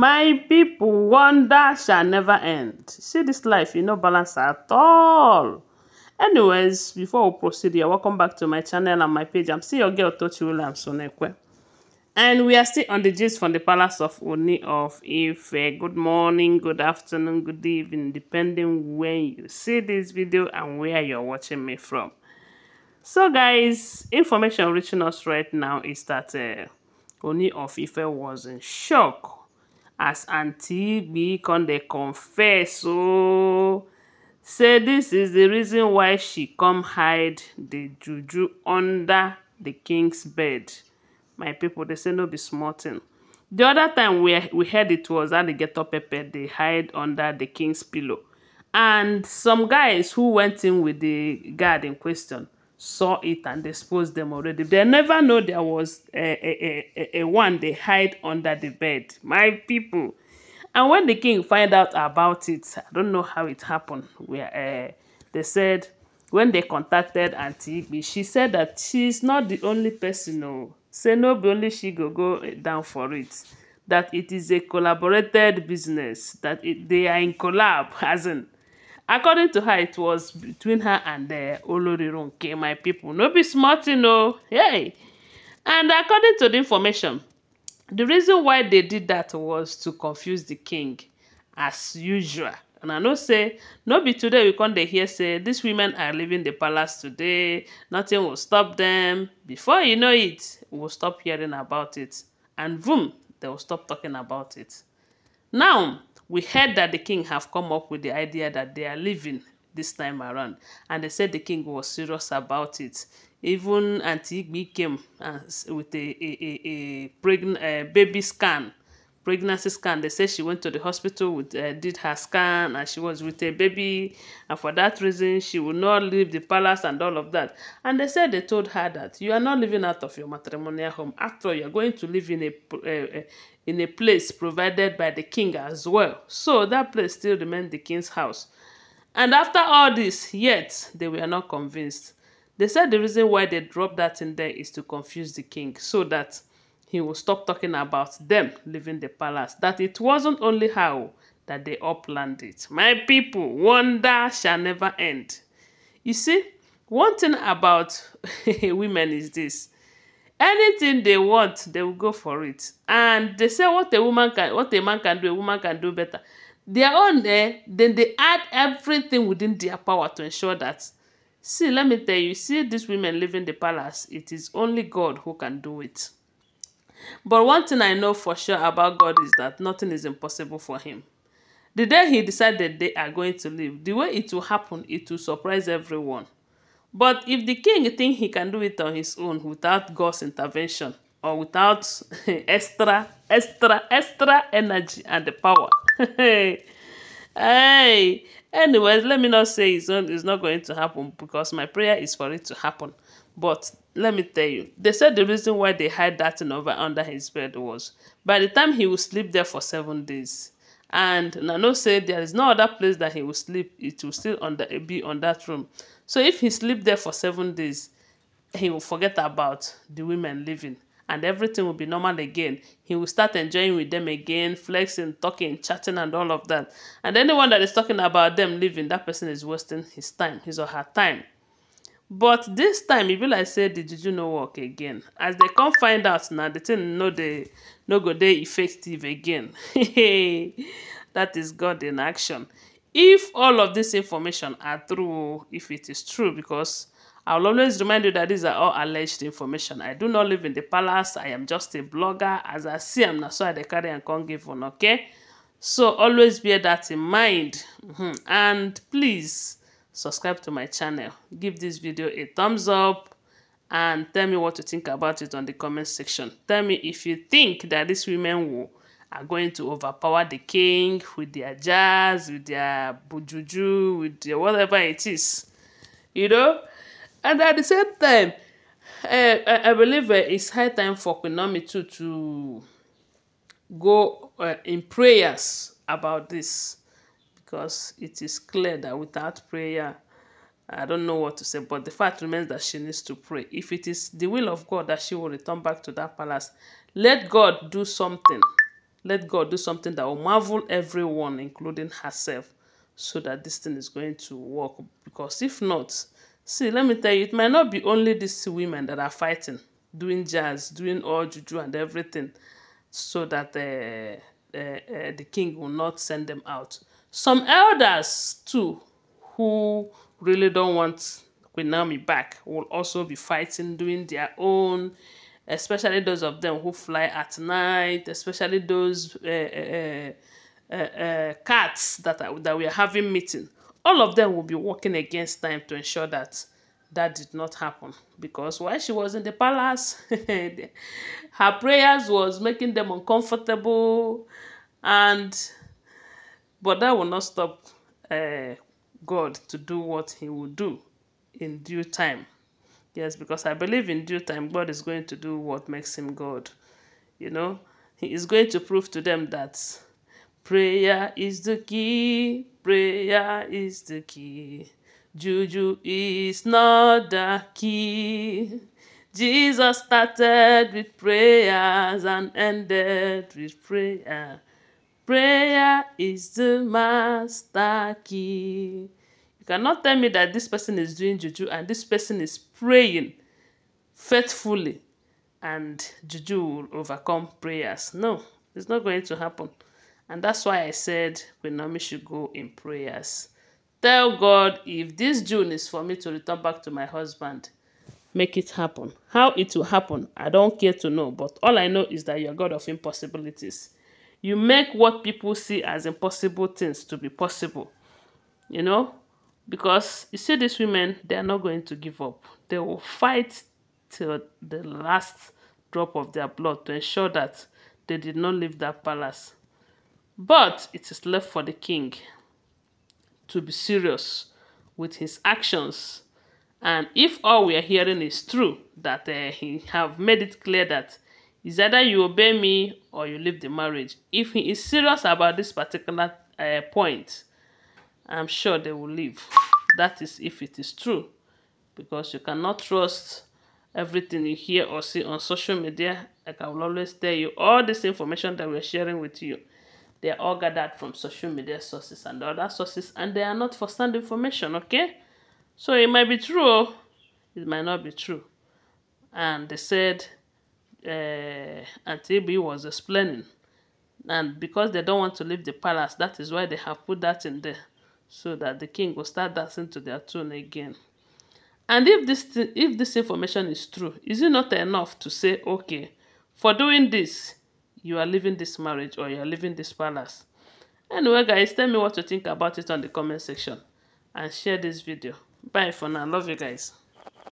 My people, wonder shall never end. See this life, you no balance at all. Anyways, before we proceed here, welcome back to my channel and my page. I'm still your girl, Tochi Williams Sonekwe. And we are still on the gist from the palace of Oni of Ife. Good morning, good afternoon, good evening, depending when you see this video and where you're watching me from. So guys, information reaching us right now is that uh, Oni of Ife was in shock as aunty Igbi come they confess so oh. say this is the reason why she come hide the juju under the king's bed my people they say no be smarting. the other time we we heard it was how the ghetto pepper they hide under the king's pillow and some guys who went in with the guard in question saw it and disposed them already. They never know there was a, a, a, a one they hide under the bed. My people. And when the king find out about it, I don't know how it happened. Where uh, eh, they said when they contacted Auntie Igbe, she said that she's not the only person. No, say no, be only she go go down for it. That it is a collaborated business. That it, they are in collab, hasn't. according to her it was between her and uh, Olorirunke my people no be smart, you know. hey and according to the information the reason why they did that was to confuse the king as usual and i know say no be today we come dey hear say these women are leaving the palace today nothing will stop them before you know it we will stop hearing about it and boom they will stop talking about it now We heard that the king have come up with the idea that they are leaving this time around. And they said the king was serious about it. Even Auntie Igbi came uh, with a, a, a, a pregnant, a uh, baby scan pregnancy scan. They say she went to the hospital, with, uh, did her scan, and she was with a baby. And for that reason, she would not leave the palace and all of that. And they said they told her that you are not living out of your matrimonial home. After all, you are going to live in a uh, uh, in a place provided by the king as well. So that place still remained the king's house. And after all this, yet they were not convinced. They said the reason why they dropped that in there is to confuse the king so that he will stop talking about them leaving the palace, that it wasn't only how oh, that they uplanded. My people, wonder shall never end. You see, one thing about women is this. Anything they want, they will go for it. And they say what a woman can what a man can do, a woman can do better. They are on there, eh, then they add everything within their power to ensure that See, let me tell you, see these women leaving the palace, it is only God who can do it. But one thing I know for sure about God is that nothing is impossible for him. The day he decided they are going to live, the way it will happen, it will surprise everyone. But if the king thinks he can do it on his own without God's intervention or without extra, extra, extra energy and the power, hey, anyways, let me not say it's not going to happen because my prayer is for it to happen. But let me tell you, they said the reason why they hid that in over under his bed was by the time he will sleep there for seven days. And Nano said there is no other place that he will sleep. It will still under, be on that room. So if he sleep there for seven days, he will forget about the women living and everything will be normal again. He will start enjoying with them again, flexing, talking, chatting, and all of that. And anyone that is talking about them leaving, that person is wasting his time, his or her time. but this time e be like say di juju no work again as they come find out now. di tin no no go dey effective again that is god in action if all of this information are true if it is true because i will always remind you that these are all alleged information i do not live in the palace i am just a blogger as i see I'm not so i carry and can't give one okay so always bear that in mind hmm. and please subscribe to my channel give this video a thumbs up and tell me what you think about it on the comment section tell me if you think that these women will are going to overpower the king with their jazz with their bujuju with their whatever it is you know and at the same time uh, I, I believe uh, it's high time for Queen too to go uh, in prayers about this because it is clear that without prayer, I don't know what to say, but the fact remains that she needs to pray. If it is the will of God that she will return back to that palace, let God do something. Let God do something that will marvel everyone, including herself, so that this thing is going to work. Because if not, see, let me tell you, it might not be only these women that are fighting, doing jazz, doing all juju and everything, so that uh, uh, uh, the king will not send them out. Some elders, too, who really don't want Queen Naomi back will also be fighting, doing their own, especially those of them who fly at night, especially those uh, uh, uh, uh, uh cats that, are, that we are having meeting. All of them will be working against time to ensure that that did not happen because while she was in the palace her prayers was making them uncomfortable and But that will not stop uh, God to do what he will do in due time. Yes, because I believe in due time, God is going to do what makes him God. You know, he is going to prove to them that prayer is the key, prayer is the key. Juju is not the key. Jesus started with prayers and ended with prayer. Prayer is the master key. You cannot tell me that this person is doing juju and this person is praying faithfully and juju will overcome prayers. No, it's not going to happen. And that's why I said Queen Naomi should go in prayers. Tell God if this June is for me to return back to my husband, make it happen. How it will happen, I don't care to know. But all I know is that you're God of impossibilities. You make what people see as impossible things to be possible. You know? Because you see these women, they are not going to give up. They will fight till the last drop of their blood to ensure that they did not leave that palace. But it is left for the king to be serious with his actions. And if all we are hearing is true, that uh, he have made it clear that Is either you obey me or you leave the marriage. If he is serious about this particular uh, point, I'm sure they will leave. That is if it is true. Because you cannot trust everything you hear or see on social media. Like I will always tell you, all this information that we're sharing with you, they are all gathered from social media sources and other sources, and they are not first-hand information, okay? So it might be true, oh. it might not be true. And they said uh, Antibi was explaining. And because they don't want to leave the palace, that is why they have put that in there. So that the king will start dancing to their tune again. And if this, th if this information is true, is it not enough to say, okay, for doing this, you are leaving this marriage or you are leaving this palace? Anyway, guys, tell me what you think about it on the comment section. And share this video. Bye for now. Love you guys.